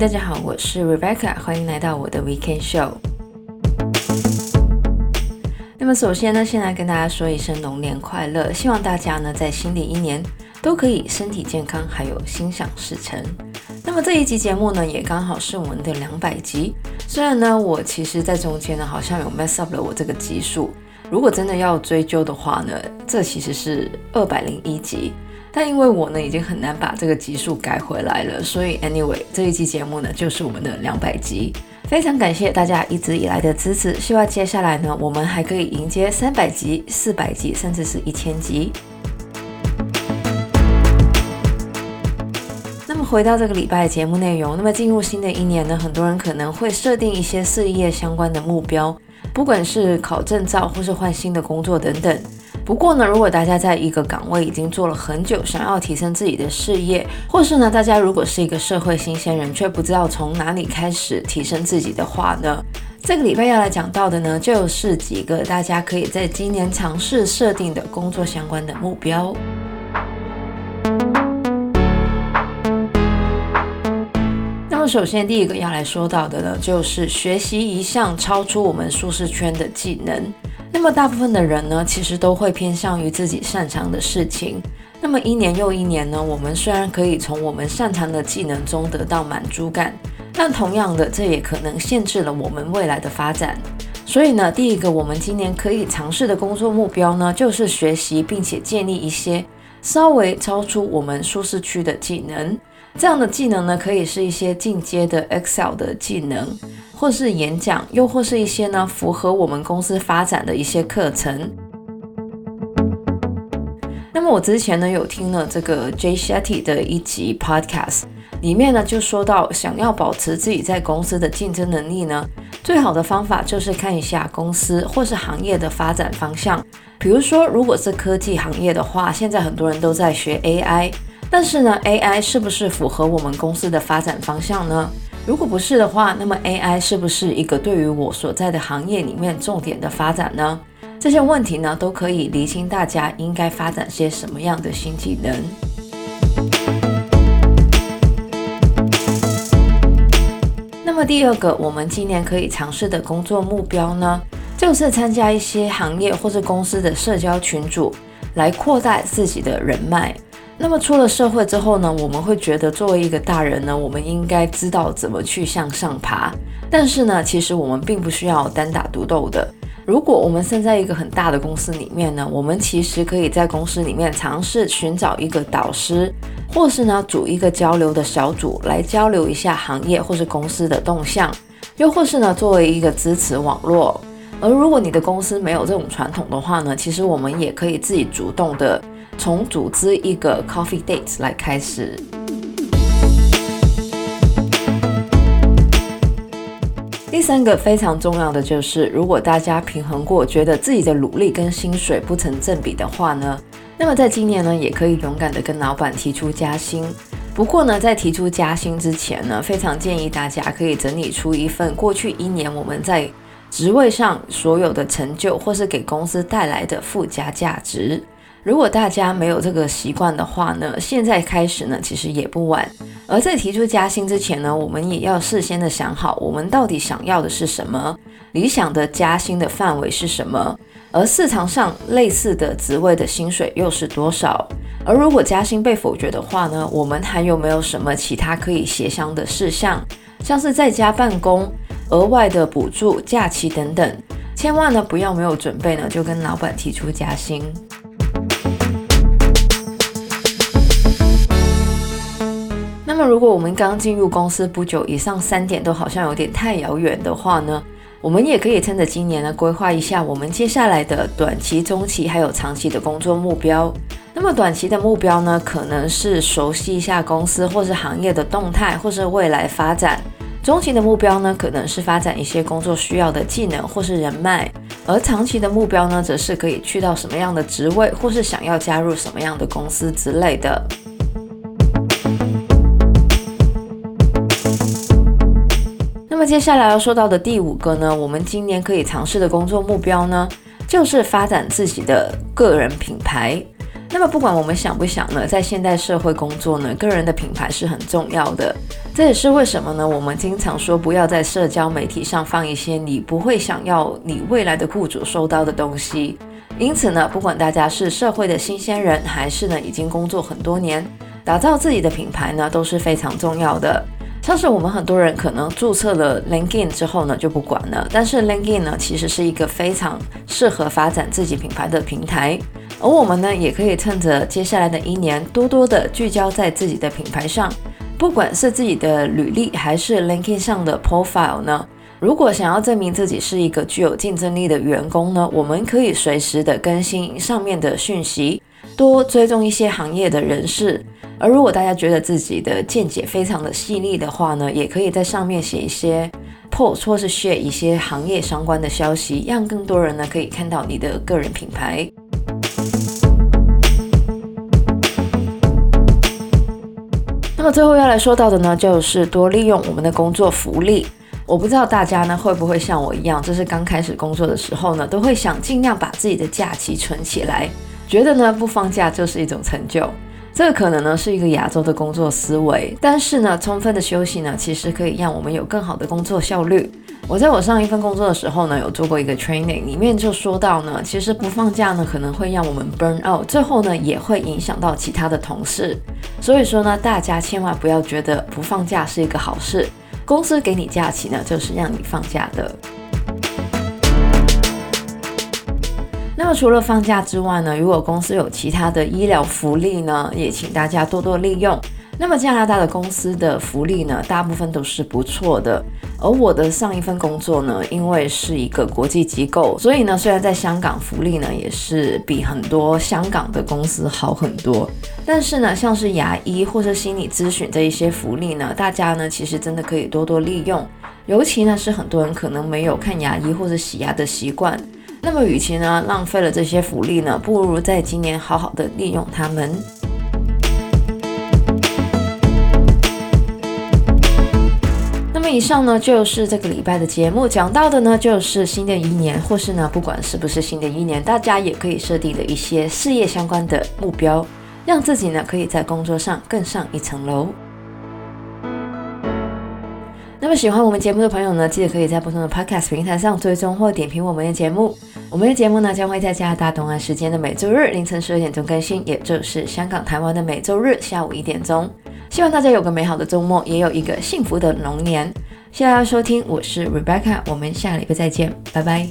大家好，我是 Rebecca，歡迎來到我的 Weekend Show。那麼首先呢，先來跟大家說一聲龍年快樂！希望大家呢在新的一年都可以身體健康，還有心想事成。那麼這一集節目呢，也剛好是我們的兩百集。雖然呢，我其實在中間呢好像有 mess up 了我這個集數。如果真的要追究的話呢，這其實是二百零一集。但因為我呢已經很難把這個集數改回來了，所以 anyway 這一集節目呢就是我們的兩百集，非常感謝大家一直以來的支持，希望接下來呢我們還可以迎接三百集、四百集，甚至是一千集。那麼回到這個禮拜的節目內容，那麼進入新的一年呢，很多人可能會設定一些事業相關的目標，不管是考證照或是換新的工作等等。不過呢，如果大家在一個崗位已經做了很久，想要提升自己的事業，或是呢，大家如果是一個社會新鮮人，卻不知道從哪裡開始提升自己的話呢，這個禮拜要來講到的呢，就是幾個大家可以在今年嘗試設定的工作相關的目標。那麼首先第一個要來說到的呢，就是學習一項超出我們舒適圈的技能。那麼大部分的人呢，其實都會偏向於自己擅長的事情。那麼一年又一年呢，我們雖然可以從我們擅長的技能中得到滿足感，但同樣的，這也可能限制了我們未來的發展。所以呢，第一個我們今年可以嘗試的工作目標呢，就是學習並且建立一些稍微超出我們舒適區的技能。這樣的技能呢，可以是一些進階的 Excel 的技能，或是演講，又或是一些呢符合我們公司發展的一些課程。那麼我之前呢有聽了這個 Jay Shetty 的一集 Podcast，裡面呢就說到，想要保持自己在公司的競爭能力呢，最好的方法就是看一下公司或是行業的發展方向。比如說，如果是科技行業的話，現在很多人都在學 AI。但是呢，AI 是不是符合我們公司的發展方向呢？如果不是的話，那麼 AI 是不是一個對於我所在的行業裡面重點的發展呢？這些問題呢，都可以釐清大家應該發展些什麼樣的新技能。那麼第二個，我們今年可以嘗試的工作目標呢，就是參加一些行業或者公司的社交群組，來擴大自己的人脈。那麼出了社會之後呢，我們會覺得作為一個大人呢，我們應該知道怎麼去向上爬。但是呢，其實我們並不需要單打獨鬥的。如果我們身在一個很大的公司裡面呢，我們其實可以在公司裡面嘗試尋找一個導師，或是呢組一個交流的小組來交流一下行業或是公司的動向，又或是呢作為一個支持網絡。而如果你的公司沒有這種傳統的話呢，其實我們也可以自己主動的。從組織一個 coffee date 來開始。第三個非常重要的就是，如果大家平衡過，覺得自己的努力跟薪水不成正比的話呢，那麼在今年呢，也可以勇敢的跟老闆提出加薪。不過呢，在提出加薪之前呢，非常建議大家可以整理出一份過去一年我們在職位上所有的成就，或是給公司帶來的附加價值。如果大家沒有這個習慣的話呢，現在開始呢其實也不晚。而在提出加薪之前呢，我們也要事先的想好，我們到底想要的是什麼，理想的加薪的範圍是什麼，而市場上類似的職位的薪水又是多少。而如果加薪被否決的話呢，我們還有沒有什麼其他可以協商的事項，像是在家辦公、額外的補助、假期等等。千萬呢不要沒有準備呢就跟老板提出加薪。那麼，如果我們剛進入公司不久，以上三點都好像有點太遙遠的話呢，我們也可以趁着今年呢，規劃一下我們接下來的短期、中期還有長期的工作目標。那麼，短期的目標呢，可能是熟悉一下公司或是行業的動態或是未來發展；中期的目標呢，可能是發展一些工作需要的技能或是人脈；而長期的目標呢，則是可以去到什麼樣的職位，或是想要加入什麼樣的公司之類的。那麼接下來要說到的第五個呢，我們今年可以嘗試的工作目標呢，就是發展自己的個人品牌。那麼不管我們想不想呢，在現代社會工作呢，個人的品牌是很重要的。這也是為什麼呢？我們經常說不要在社交媒體上放一些你不會想要你未來的雇主收到的東西。因此呢，不管大家是社會的新鮮人，還是呢已經工作很多年，打造自己的品牌呢都是非常重要的。但是我們很多人可能註冊了 LinkedIn 之後呢，就不管了。但是 LinkedIn 呢，其實是一個非常適合發展自己品牌的平台。而我們呢，也可以趁着接下來的一年，多多的聚焦在自己的品牌上。不管是自己的履歷，還是 LinkedIn 上的 profile 呢，如果想要證明自己是一個具有競爭力的員工呢，我們可以隨時的更新上面的訊息，多追蹤一些行業的人士。而如果大家覺得自己的見解非常的細膩的話呢，也可以在上面寫一些 post 或是 share 一些行業相關的消息，讓更多人呢可以看到你的個人品牌。那麼最後要來說到的呢，就是多利用我們的工作福利。我不知道大家呢會不會像我一樣，就是剛開始工作的時候呢，都會想盡量把自己的假期存起來，覺得呢不放假就是一種成就。這個可能呢是一個亞洲的工作思維，但是呢，充分的休息呢，其實可以讓我們有更好的工作效率。我在我上一份工作的時候呢，有做過一個 training，裡面就說到呢，其實不放假呢，可能會讓我們 burn out，最後呢，也會影響到其他的同事。所以說呢，大家千萬不要覺得不放假是一個好事，公司給你假期呢，就是讓你放假的。那麼除了放假之外呢，如果公司有其他的醫療福利呢，也請大家多多利用。那麼加拿大的公司的福利呢，大部分都是不錯的。而我的上一份工作呢，因為是一個國際機構，所以呢，雖然在香港福利呢也是比很多香港的公司好很多，但是呢，像是牙醫或者心理諮詢這一些福利呢，大家呢其實真的可以多多利用，尤其呢是很多人可能沒有看牙醫或者洗牙的習慣。那麼，與其呢浪費了這些福利呢，不如在今年好好的利用它們。那麼，以上呢就是這個禮拜的節目講到的呢，就是新的一年，或是呢不管是不是新的一年，大家也可以設定的一些事業相關的目標，讓自己呢可以在工作上更上一層樓。那麼，喜歡我們節目的朋友呢，記得可以在不同的 Podcast 平台上追蹤或點評我們的節目。我們的節目呢將會在加拿大東岸時間的每周日凌晨十二點鐘更新，也就是香港、台灣的每周日下午一點鐘。希望大家有個美好的周末，也有一個幸福的龍年。謝謝大家收聽，我是 Rebecca，我們下禮拜再見，拜拜。